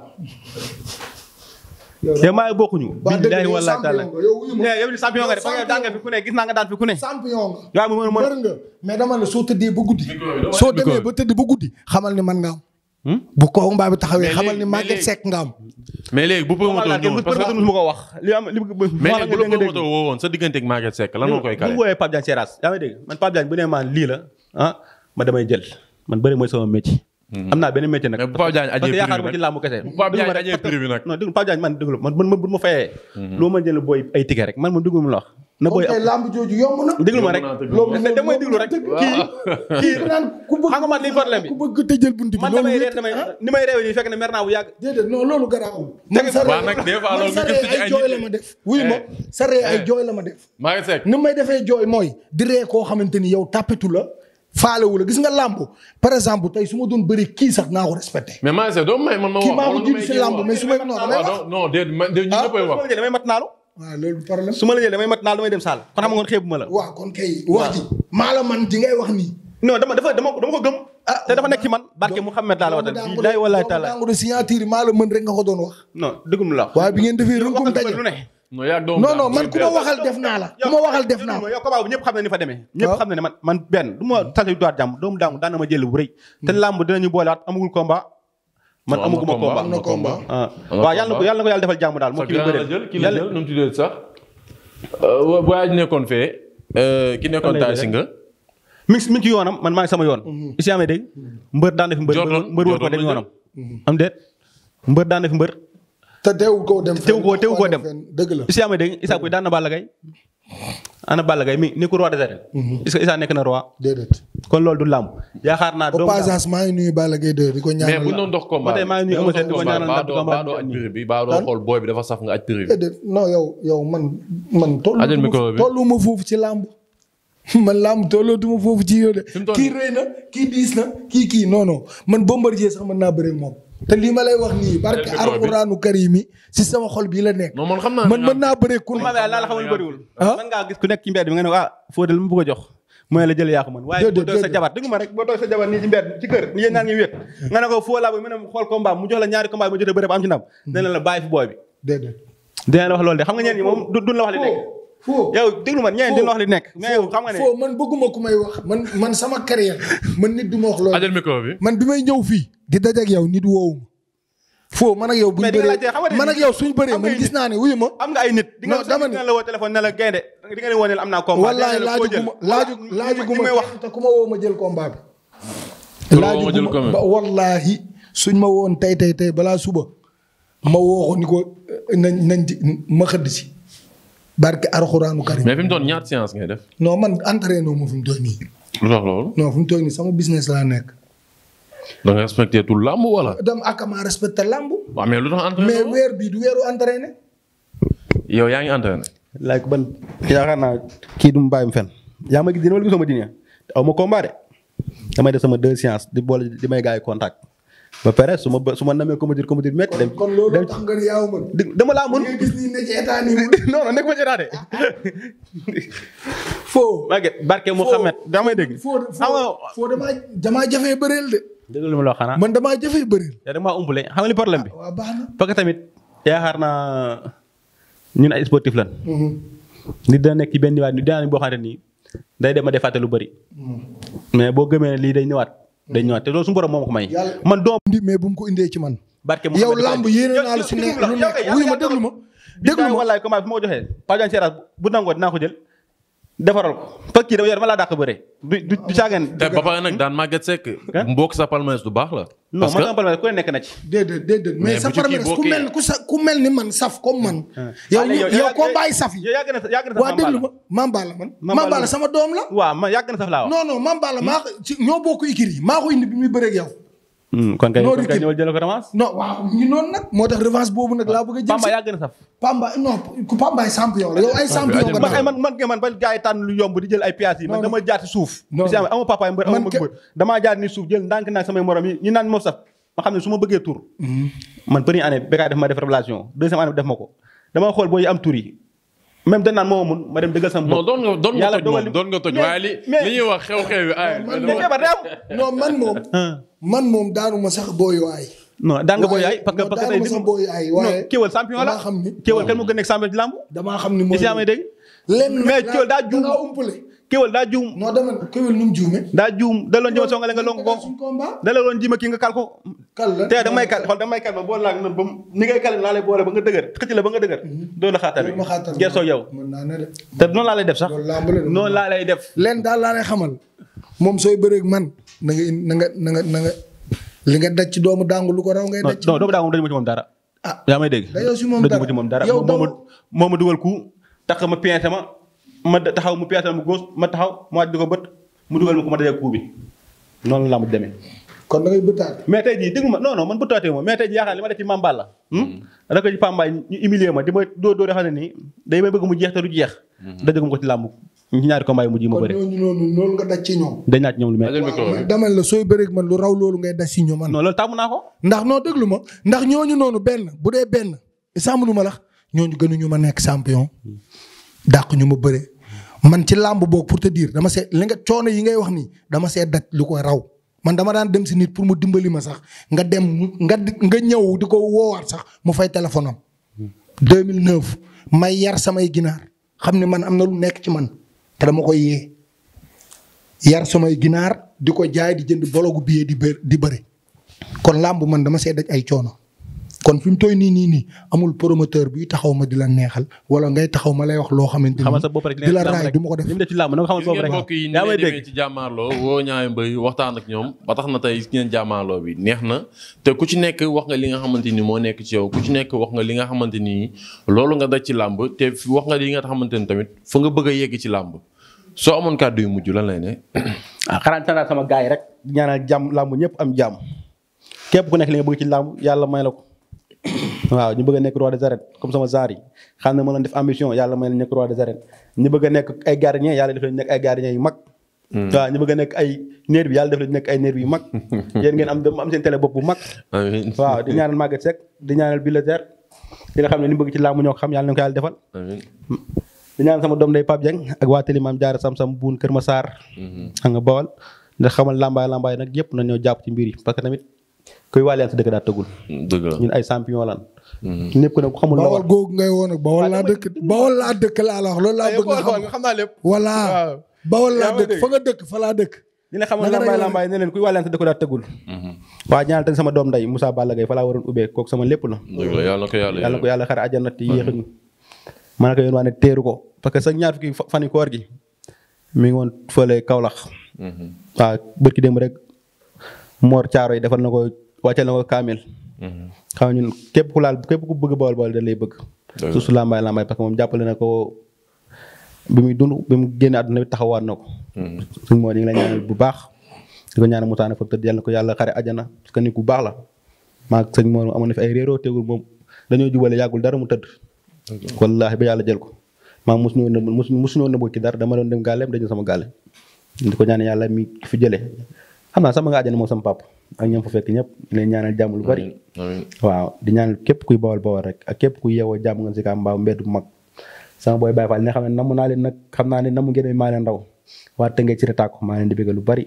yow maa ngi bokkuñu. billahi wallahi taala yow ni eh, champion nga de parce que daan nga fi ku ne gis naa nga daan fi ku ba guddi. xamal ni man nga hmm? bu ko mbaa bi taxawee xamal ni Maguette Seck nga am. mais parce que mu ko wax. li am li mais léegi bu promoteur woo woon sa diggante ak Maguette Seck koy kale. bu wooyee man Pape Diagne maan lii la ah, ma damay jël man bëri mooy sama métier Hmm. am naa benn métier nag. mais bu Pape Diagne ajee prix bi nag parce que yaakaar ma ci làmb kese. bu Pape Diagne man déglu man man bu ma fayee. Hmm. loo ma jël booy ay ticket rek man ma déglu ma la wax. na ma rek loolu may reew yi fekk ne mer naa bu yàgg. déedéet non loolu garaawul. man la ma def. wuy ma eh. saree ay eh. jooy la ma def. maa ngi seq ni may defee jooy mooy di ree koo xamante ni yow tàppitu la faalewu la gis nga làmb par exemple tey su ma doon bëri kii sax naa ko respecté. mais maa ngi seet doo may man ma wax kii maa ngi jiitu si làmb mais su ma. non non déedéet man déedéet ñun ñëppay wax ah damay mat naalu. waaw loolu problème su ma la jëlee damay mat naalu xam nga woon la. waaw kon kay. waaw wax maa la man di ngay ko gëm. ah te dafa nekk ci la wax. billahi wallahi taala. rek nga ko doon wax. non dëggum la. waaw bi ngeen defee rënkum daje non yaa non non man ku ma waxal def naa la ku ma waxal def naa la yow combat bi ñëpp xam na ni fa demee ñëpp xam na ne man man benn du ma tase doit jàmm doomu daangu daan na ma jël bu rëy te hmm. làmb dinañu boolewaat amagul combat man amaguma combat amaguma combat ko ah. yàlla na ko jàmm daal moo ki la jël ki la jël nu euh, nekkoon fee euh, ki nekkoon taasi nga mi ngi mi ci yoonam man maa ngi sama yoon hmm. isi amee dégg hmm. mbër daan na fi mbër mbër wër ko dem yoonam am déet mbër daan fi mbër te teewu koo dem teewu dem dëgg la Issa ma dégg Issa kuy daan na Balla Gaye ana Balla Gaye ni ko roi des arènes mhm. est Issa nekk na roi déedéet kon loolu du làmb yaakaar naa doomu passage maa ngi nuyu Balla Gaye de di ko ñaanal aj prix bi baa doo xool booy bi dafa saf nga aj prix bi non yow yow man man tollu ma foofu ci làmb man làmb tollootuma foofu ci yow de kii rëy na kii diis na kii kii non non man Bombardier sax mën naa bëri moom te lii ma lay wax nii barke alquraanu karim yi si sama xol bii la nekk. man xam naa mën naa bëree ku la la xamul bëriwul. Ah? man ngaa gis ku nekk ci mbedd bi nga ne ah Fodé mu bëgg a jox. mooy la jël yaa ko waaye boo doy sa jabar dégg ma rek boo doy sa jabar nii ci mbedd ci kër nii yéen ñaar ngi wéet nga ne ko foo laa ba mu ne xool combat mu jox la bëre ba am ci ndam hmm. dana la bàyyi fi booy bi déedéet la wax loolu de xam nga ñeen ñi moom duñ la wax li foo yow déglu ma ñeneen dina nekk. mais yow xam nga ne foo man bëgguma ku may wax. man man sama carrière man nit du ma wax loolu. man bi may ñëw fii. di dajeeg yow nit woowu ma. foo man ak yow bu ñu bëree man ak yow suñu bëree man gis naa ne wuyu ma. am nga ay nit di nga la woo téléphone la gaynde di nga ne woo ne la am naa combat. wallaay laaju gu ma laaju laaju gu te ku ma woo ma jël combat bi. laaju gu ma wallaahi suñ ma woon tey tey tey balaa suba ma woo ko ni ko eh, ma xëdd si barke arxuraanu karim. mais fi mu doon ñaar séance ngay def. non man entraîné wu ma fi mu toll nii. lu tax loolu. non fi mu nii sama business laa nekk. da nga respecté tout làmb wala. dem ak ma respecté làmb. waaw mais lu tax entraîné mais weer bii du weeru entraîné. yow yaa ngi entraîné. laaj ko ban yaakaar naa kii du mu bàyyi fen yaa ma gis dina wala gisoo ma dina aw ma combat de damay def sama deux séances di boole di may gars yi contact. ba pare su ma ba namee comédie comédie bi dama laa mën ne ci état nii non nekk ma ci état de. foo barke Mouhamed daa may dégg. foo foo damaa damaa jafee bëreel de. dëgg lu ma la xanaa man damaa jafee bëreel. yaa damaa problème bi. Ah, waaw na parce que tamit yaakaar naa ñun ay sportif lan. Mm-hmm. nit dina nekk ci benn waat nit boo xamante day dem a defaate lu bëri. Mm-hmm. mais boo gëmee lii day ñëwaat. day ñëwaat te loolu suñu borom moo may. man doom indi mais bu mu ko indee ci man. barke mu yow lamb yéene naa la si ne lu nekk wuyu ma déglu wallaay comment bi ma ko joxee. Pape Diagne bu nangoo dinaa ko jël defaral ko parce que yow dama laa dàq bëre. du caagan. te ba pare nag daan magget Seck. mbokk sa palmarès du baax la. parce que non man palmarès ku nekk na ci. déedéet déedéet mais sa palmarès ku mel ku sa ku mel ni man saf comme man. yow yow koo bàyyi saf yi. yàgg na yàgg na waaw déglu ma Mamba la man. Mamba la sama doom la. waa man yàgg na saf laa wax. non non Mamba la maa ñoo bokk ikir yi maa ko indi bi muy bëreeg yow. Hmm, kon kay kon kay ñëwal jël ko revanche. non waaw ñu noonu nag moo tax revanche boobu nag laa bëgg a jël. Pamba yaa a saf. Pamba yi tànn lu yomb di jël ay pièces yi. man dama jaar ci suuf. non non amoo papa ay mbër amoo mbër damaa jaar ni suuf jël ndànk naa samay morom yi ñu naan moo saf ma xam ne su ma bëggee tur. Mhm. man première année bi def ma def révélation deuxième année bi def ma ko dama xool booy am tur même danaan moo mun ma dem dëggal sam bopp. doon nga doon nga toj moom doon nga toj waaye li ñuy wax xew-xew yi ay. non man moom. man sax daanu ma sax booyu ay. non daan nga booyu ay parce que parce que tey jii non kéwal champion la kéwal kan mu gën a nekk champion ci lamb. damaa xam ni mooy mais kéwal daa juum kéwal daa juum. non dama kéwal nu mu juumee. daa juum da doon jëma songale nga lonk ko da la doon jima kii nga kal ko. kal la te damay kal xool damay kal ba boole laa noonu ba ni ngay kale naa lay boole ba nga dëgër xëcc la ba nga dëgër. Mhm. doo la xaatal bi gertoo yow. te noonu laa lay def sax. noonu laa lay def. leen daal laa lay xamal moom sooy bëreeg man na nga na nga na nga na nga li nga daj ci doomu daangu lu ko raw ngay daj ci. non doomu daangu dañu ma ci moom dara. ah yaa may dégg. dajoo si moom dara yow doomu ma ci moom dara moom ma dugal ku tax ma piente ma ma taxaw mu piyatal mu góos ma taxaw mu wàcc di ko bët mu dugal ma ko ma dajee kuu bi noonu la mu demee. kon da ngay bëtaate. mais tey jii dégg ma non non man bëtaatee ma mais tey jii yaakaar li ma def ci Mambal la. rek hmm? hmm. ci Pambaay ñu humilier ma di ma dóor dóor yoo xam ne nii day may bëgg mu jeex te du jeex. Hmm. dajagum ko ci làmb ci ñaari combat yi mujj ma bëri. kon ñooñu noonu loolu nga daj ci ñoom. dañ naa ci ñoom lu mel. waaw dama la sooy bëreeg man lu raw loolu ngay daj ci ñoom. non loolu tàmm naa ko. ndax non déglu ma ndax ñooñu noonu benn bu dee benn sàmm lu ma lax ñooñu gënuñu ma nekk champion dàq ñu ma bëre man ci làmb boog pour te diir dama seet li nga coono yi ngay wax nii dama sedd daj lu ko raw man dama daan dem si nit pour mu dimbali ma sax nga dem nga nga ñëw di ko woowaat sax mu fay téléphone am. 2009 may yar samay ginaar xam ne man am na lu nekk ci man te dama koy yee yar samay ginaar di ko jaay di jënd bologu billet di bë di bëri kon làmb man dama see daj ay coono. kon fi mu tooy nii nii nii amul promoteur bi taxaw ma di la neexal wala ngay taxaw ma lay wax loo xamante ni. xamal sa bopp rek di la raay du ma ko def. li mu def ci làmb woo ñaari mbëy waxtaan ak ñoom ba tax na tey ngeen jàmmaarloo bi neex na te ku ci nekk wax nga li nga xamante ni moo nekk ci yow ku ci nekk wax nga li nga xamante ni loolu nga daj ci làmb te wax nga li nga xamante ni tamit fa nga bëgg a yegg ci làmb soo amoon kàddu yu mujj la lay ne. ah xanaa tànnaa sama gaay rek ñaanal jàmm làmb ñëpp am jàmm képp ku nekk li nga ci làmb yàlla may la ko waaw ñu bëgg a nekk roi des arènes comme sama genre yi xam ne ma leen def ambition yàlla may leen nekk roi des arènes ñu bëgg a nekk ay gardien yàlla def leen nekk ay gardien yu mag hmm. waaw ñu bëgg a nekk ay nerf bi yàlla def leen nekk ay nerf yu mag yéen ngeen am am seen télé bopp bu mag waaw di ñaanal Maguette Seck di ñaanal Bilater di nga xam ne li bëgg ci laamu ñoo xam yàlla na ko yàlla defal di ñaanal sama doom day Pape Dieng ak waa télé maam jaara sam-sam buun Kër ma Massar hmm. xam nga Bawal ndax xamal lambaay lambaay nag yëpp na ñoo jàpp ci mbir yi parce que tamit kuy waale sa dëkk daa tëggul. dëgg la ñun ay champion lan. Mhm. ñëpp nag xamul la bawol googu ngay woon ak bawol laa dëkk bawol laa dëkk laa la wax loolu laa bëgg nga xam naa lépp voilà bawol laa dëkk laa dëkk ñu ne xamal lambaay sa dëkk daa tëggul mhm. waa ñaanal tamit sama doom nday Moussa Balla Gaye fa laa waroon ubbee kooku sama lépp la yàlla ko yàlla yàlla ko yàlla xare te yéexuñu mhm. ma ne ko yéen waa teeru ko parce sa ñaar fukki fani koor gi mi ngi woon fële Kaolack waa bërki démb rek Mor Thiaroy defal na ko wàcce na ko kaamil. Mhm. xam ñun képp képp ku bëgg bool bool da lay bëgg. su su làmbaay làmbaay parce jàppale na ko bi muy dund bi mu génn àdduna bi taxawaat na ko. Mhm. suñu moo ñu bu baax. di ko ñaanal mu taana fa tëdd na ko yàlla xare ajana parce que nit baax la. maa ak moo amoon na ay réeroo teewul moom dañoo jubale yàggul dara mu tëdd. wallaahi ba yàlla jël ko. maa mosu ñu woon mosu ñu woon ci dara dama doon dem gàlleem dañu sama gàlle. di ko yàlla mi fi jëlee xam naa sama nga ajana moom sama papa ak ñoom fa fekk ñëpp leen ñaanal jàmm lu bari waaw di ñaanal képp kuy bawal bawal rek ak képp kuy yeewoo jàmm nga si ka mbaaw mbedd bu mag sama booy Baye Fall ne xam ne namu naa leen nag xam naa ne namu ngeen maa leen raw waa tëngee ci retaako maa leen di bëgg lu bari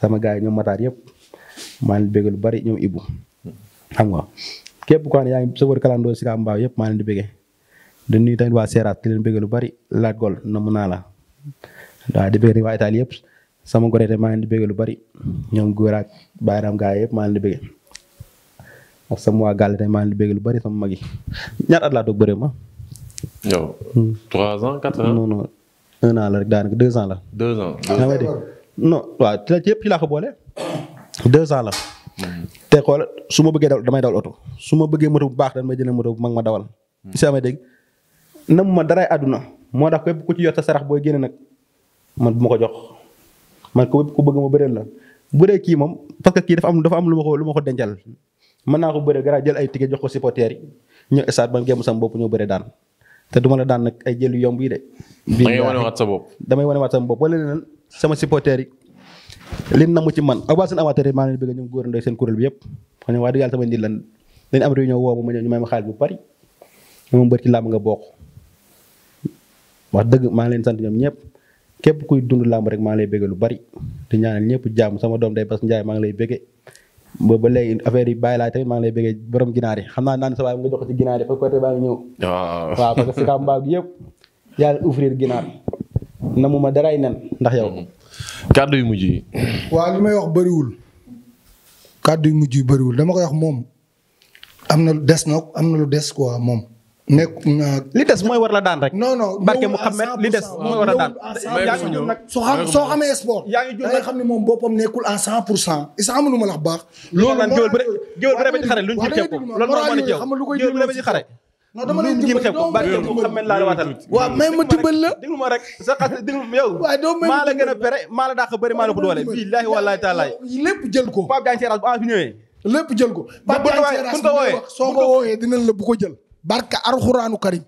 sama gars yi ñoom mataar yëpp maa leen di lu bari ñoom ibu xam nga képp ko xam yaa ngi si ka mbaaw yëpp maa leen di bëgg di nuyu tamit waa Seeraat di leen lu bari laaj gol namu naa la waaw di bëgg waa Italie yëpp sama gorete maa ngi di lu bari ñoom góor ak baaram gaa yëpp maa ngi lu bari sama mag yi ñaata ma. yow. Hmm. trois ans quatre la rek la. deux ans deux la hmm. te xool su ma bëggee daw damay dawal oto su ma bëggee moto bu baax dañ may jëlee moto bu mag ma dawal. si hmm. amee dégg nam ma daray àdduna moo tax képp ku ci yor sa sarax booy génne nag man bu ma ko jox. man ko ku bëgg ma bëreel la bëree kii moom parce que kii dafa am dafa am lu ma ko lu ma ko dencal mën naa ko bëree gara jël ay ticket jox ko supporters yi ñëw stade ba gémm sam bopp ñëw bëree daan te du la daan nag ay jël yu yomb yi de. bii damay wanewaat sa bopp damay wanewaat sa bopp wala leneen sama supporters yi li namu ci man ak waa seen amateur yi maa leen bëgg ñoom góor ndoy seen kuréel bi yëpp xam ma ñëw ñu may ma xaalis bu bari moom bër ci làmb nga bokk wax dëgg maa leen sant ñoom ñëpp képp kuy dund làmb rek maa ngi lay bëgg lu bari di ñaanal ñëpp jàmm sama doom day bas Ndiaye maa ngi lay bëgg ba ba léegi affaire yi bàyyi laay tamit maa ngi lay bëgg borom ginaar yi xam naa naan sa waay mu nga jox ci ginaar yi fa côté baa ngi ñëw. waaw waaw parce que Sicap na ndax yow. Mm-hmm. kàddu yu mujj yi. waaw li may wax bëriwul kàddu yu mujj yi bariwul dama ko wax moom am na des na am na lu des quoi moom. nekk li des mooy war la daan rek. barke Mouhamed li des mooy war la daan. soo xamee sport. yaa ngi da nga xam ne moom boppam nekkul en cent pour cent. isa xam lu ma la wax baax. loolu nag lu ñu ci ko loolu moo mën a jéem géwél bu rebe ci xare. ma déglu la déglu maa la gën a pere maa la dàq bëri maa la ko doole. taalaay lépp jël ko. Pape Diagne Seras bu fi ñëwee. lépp jël ko. Pape Diagne Seras bu wax soo ko la bu jël barka arxuraanu karim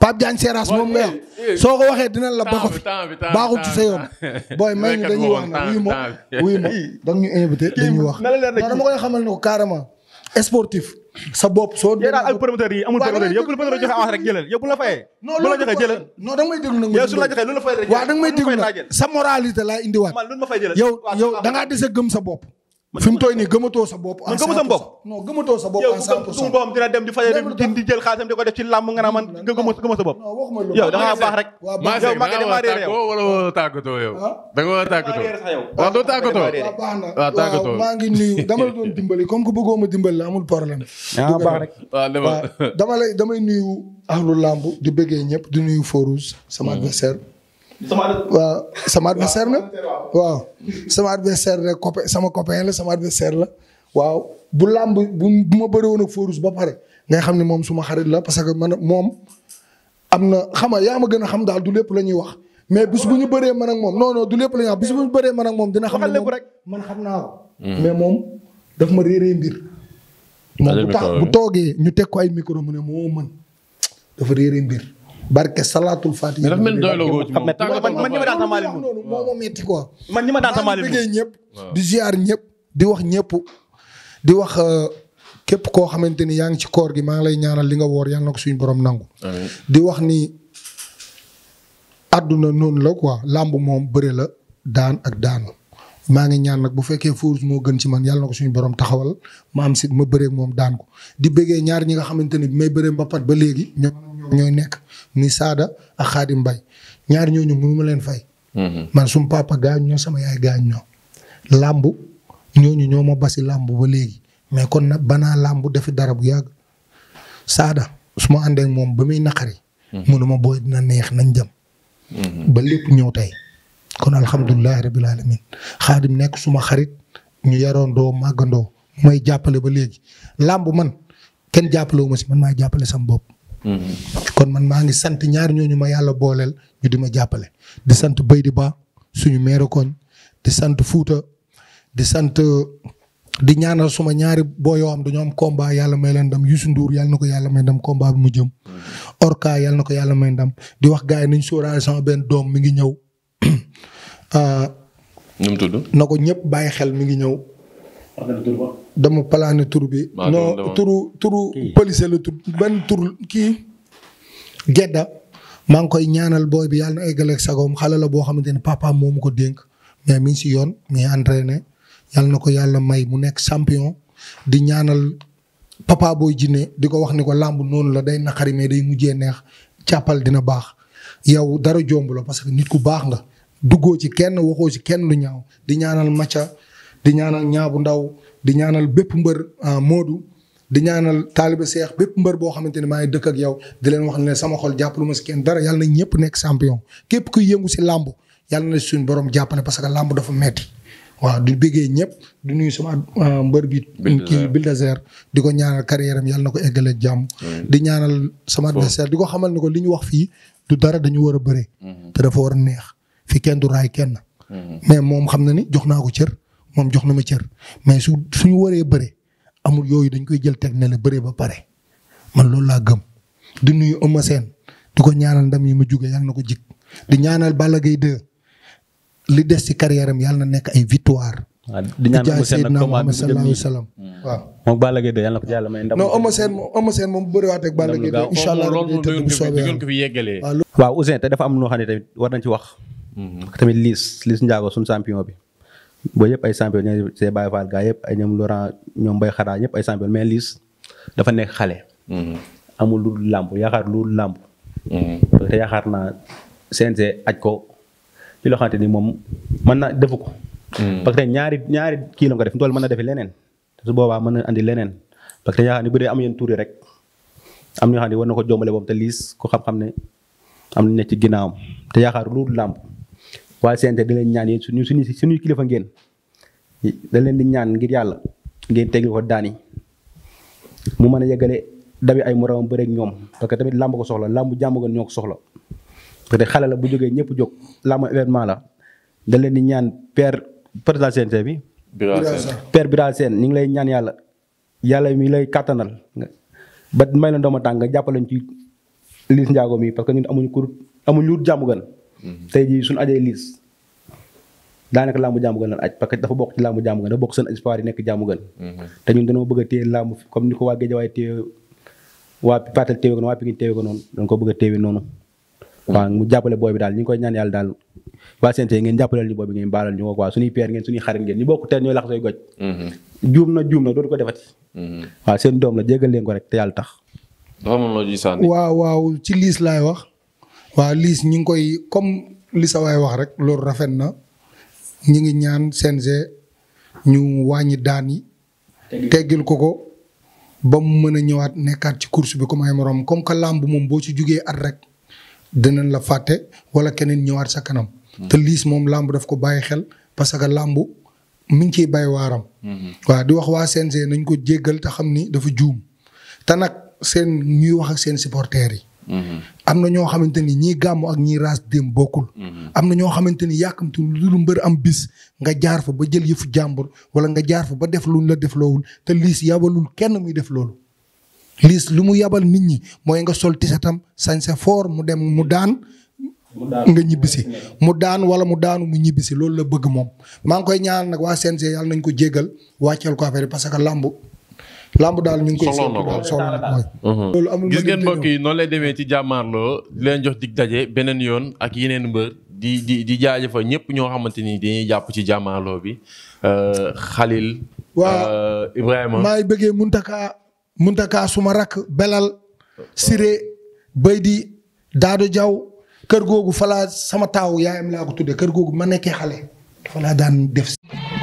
Pape Diagne Seras moom nga eh, eh. soo ko waxee dina la ba ko fi baaxul ci sa yoon booy may ñu dañuy wax na wuyu ma wuyu ma danga ñu invité dañuy wax non dama koy xamal ne ko carrément sportif sa bopp soo dee ak promoteur yi amul promoteur yi la joxe avance rek jëlal yow bu la fayee bu la joxe may déglu nag yow su may déglu nag sa moralité laa indiwaat yow dangaa dese gëm sa bopp fi mu tooy nii gëmatoo sa bopp. man gëmu sa bopp non gëmatoo sa bopp. en 100% yow dina dem di fayal di jël xaalisam di ko def ci làmb nga naan man gëmu sa bopp. yow da ngaa baax rek. yow ma damaa réer yow wala wala tàggatoo yow. Ah? da nga war a maa ngi nuyu dama la doon dimbali comme ku bëggoo ma dimbali la amul problème. ah baax rek dama la damay nuyu ahlu làmb di bëggee ñëpp di nuyu Forouz sama hmm. adversaire waaw sama adversaire la waaw sama adversaire la copain sama copain la sama adversaire la waaw bu làmb bu ma bëri woon ak Forus ba pare ngay xam ne moom suma xarit la parce que man moom am na xam nga yaa ma gën a xam daal du lépp la ñuy wax mais bis bu ñu bëree man ak moom du lépp la ñuy wax bis bu ñu bëree man ak moom dina xam ne moom man xam naa ko hmm. mais moom daf ma réeree mbir moom bu tax bu toogee ñu teg ko ay micro mu ne moo man dafa réeree mbir barke salaatul faat mais dafa mel ni doyuloo ma daan sama leen noonu moo ma metti quoi. man ni ma daan sama leen noonu ñëpp. di ziar ñëpp di wax ñëpp di wax. Euh, képp koo xamante ni yaa ngi ci koor gi maa ngi lay ñaanal li nga woor yàlla ko suñu borom nangu. di wax ni àdduna noonu la quoi làmb moom bëre la daan ak daanu. ngi ñaan nag bu fekkee force moo gën ci man yàlla ko suñu borom taxawal ma si ma bëree moom daan ko di bëggee ñaar ñi nga xamante ni bi may bëree mbapat ba léegi ñooy nekk ni Saada ak Xaadim Mbay ñaar ñooñu mënu ma leen fay. Mhm. man sum papa gaañ ñoo sama yaay gaañ ñoo. làmb ñooñu ñoo ma basi làmb ba léegi mais kon nag banaa làmbu defi dara bu yàgg Saada su ma àndee moom ba muy naqari. mënuma mhm. booy dina neex nañ jëm. Mhm. ba lépp ñëw tey. kon alhamdulilah rabil alamin xaadim nekk suma xarit ñu yaroon doo màggandoo may jàppale ba léegi làmb man kenn jàppale ma si man maay jàppale sama bopp. kon man maa ngi sant ñaar ñooñu ma yàlla booleel ñu di ma jàppale. di sant bay di ba suñu meeru koñ di sant Fuuta di sant di ñaanal suma ñaari boo yoo xam dañoo am combat yàlla may leen ndam Youssou Ndour yàlla na ko yàlla may ndam combat mu jëm. Orka yàlla na ko yàlla may ndam di wax gars yi nañ sóoraale sama benn doom mi ngi ñëw. Ah, nu na ko ñëpp bàyyi xel mi ngi ñëw. dama palaane tur bi. non turu turu police la tur ban tur kii. Gedda maa ngi koy ñaanal booy bi yàlla na eggaleeg sagoom xale la boo xamante ne papa mu ko dénk mais mi ngi si yoon mais ngi entraîné yàlla na ko yàlla may mu nekk champion di ñaanal. papa booy jinne di ko wax ni ko làmb noonu la day naqari mais day mujjee neex càppal dina baax yow dara jomb la parce que nit ku baax nga duggoo ci kenn waxoo ci kenn lu ñaaw di ñaanal macca di ñaanal ñaabu ndaw di ñaanal bépp mbër ah, Modou di ñaanal taaliba seex bépp mbër boo xamante ne maa ngi dëkk ak yow di leen wax ne sama xol jàppalu si kenn dara yàlla ñëpp nekk champion képp kuy yëngu si làmb yàlla na suñu borom jàppale parce que làmb dafa metti waaw du bëggee ñëpp du nuyu sama ah, mbër bi. kii di ko ñaanal carrière am yàlla na ko eggale jàmm. di ñaanal sama adversaire di ko xamal ni ko li ñu wax fii du dara dañu war a bëre. Mhm. te dafa war a neex fi kenn du raay kenn. Mhm. mais moom xam na ni jox naa ko cër. moom jox na ma cër mais su suñu waree bëre amul yooyu dañ koy jël teg ne la bëre ba pare man loolu laa gëm. di nuyu Eumeu Sène du ko ñaanal ndam yi mu jugee yàlla na ko jig di ñaanal Balla Gaye 2 li des ci carrière am yàlla na nekk ay victoire. waaw ah, di ñaan Eumeu Sène nag comment bi mu jëm salaam hmm. waaw. moom Balla Gaye de may ndam. non Eumeu Sène moom Eumeu Sène moom bu bëriwaatee ak Balla Gaye de incha allah ko fi yeggalee. waaw Ouzin te dafa am noo xam ne tamit war nañ ci wax. Hmm. tamit liis Liss Ndiago suñu champion bi. ba yëpp ay champion ñoom see Baye Fall gaa yëpp ay ñoom Laurent ñoom Mbaye Xaraa ñëpp ay champion mais Liss dafa nekk xale. Mm-hmm. amul lu dul làmb yaakaar lu dul làmb. Mm-hmm. parce que yaakaar naa CNG aj ko ci loo xamante ni moom mën na defu ko. Mm-hmm. parce que ñaari ñaari kii la ko def ntool mën na defi leneen su mën na andi leneen parce que yaakaar bu dee am yenn tuuri rek am na ñoo ne war na ko jombale boobu te Liss ku xam ne am na ci ginnaawam te yaakaar lu dul waaye CNG di leen ñaan yéen suñu suñu suñuy kilifa ngeen da leen di ñaan ngir yàlla ngeen tegli ko daan mu mën a yeggale dabi ay moroomam bëreeg ñoom parce que tamit làmb ko soxla làmb jàmm gan ñoo ko soxla parce que xale la bu jógee ñëpp jóg làmb événement la da leen di ñaan per président CNG bi. Bira Sène père Bira Sène ñu ngi lay ñaan yàlla yàlla mi lay kàttanal ba may la dooma tàng nga jàppale ñu ci Liss Ndiago mi parce que ñun amuñu kur amuñu lu jàmm gan tey jii suñu ajee liis daanaka làmb jàmm gën lan aj parce dafa bokk ci làmb jàmm dafa bokk seen espoir yi nekk jàmm mhm. te ñun dañoo bëgg a téye làmb comme ni ko waa Géejawaay téye waa Patel téye noonu waa mu jàppale booy bi daal ñu koy ñaan yàlla daal waa CNG ngeen jàppaleel ñu booy ngeen baalal ñu ko quoi suñuy peer ngeen suñuy xarit ngeen ñu bokk teen ñooy lax sooy goj mhm. juum na juum na dootu ko defati mhm. waaw seen doom la jéggal leen ko rek te yàlla tax dafa mën loo ji sànni waaw waaw ci liis laay wax waaw liis ñu ngi koy comme li sa waay wax rek loolu rafet na ñu ngi ñaan CNG ñu wàññi daan yi. teggil ko ko ba mu mën a ñëwaat nekkaat ci course bi comme ay morom comme que làmb moom boo ci jugee at rek dinañ la fàtte wala keneen ñëwaat sa kanam. Hmm. te liis moom làmb daf ko bàyyi xel parce que làmb mu ngi ciy bay waaram. Hmm. waaw di wax waa CNG nañ ko jéggal te xam ni dafa juum te nag seen ñuy wax ak seen supporters yi. am na ñoo xamante ni ñii gàmmu ak ñii raas déem bokkul. am na ñoo xamante ni yàkkamtu lu mbër am bis nga jaar fa ba jël yëfu jàmbur wala nga jaar fa ba def luñ la def loowul te liis yabalul kenn muy def loolu. liis lu mu yabal nit ñi mooy nga sol tisatam sañ sa foor mu dem mu daan. nga ñibbisi mu daan wala mu daanu mu ñibbisi loolu la bëgg moom maa ngi koy ñaan nag waa CNG yàlla nañ ko jéggal wàcceel ko affaire parce que làmb làmb daal ñu ngi koy soxla na ko soxla na ko mhm. loolu gis ngeen mbokk yi noonu lay demee ci jàmmaarloo di leen jox dig daje beneen yoon ak yeneen mbër di di di jaajëfal ñëpp ñoo xamante nii dañuy jàpp ci jàmmaarloo bi euh, Khalil. waa euh, Ibrahima maa ngi bëggee Muntaka Muntaka suma rakk Belal. Siré bay di Daado Jaw kër googu falaa sama taaw yaayam laa ko tuddee kër googu ma nekkee xale falaa daan def.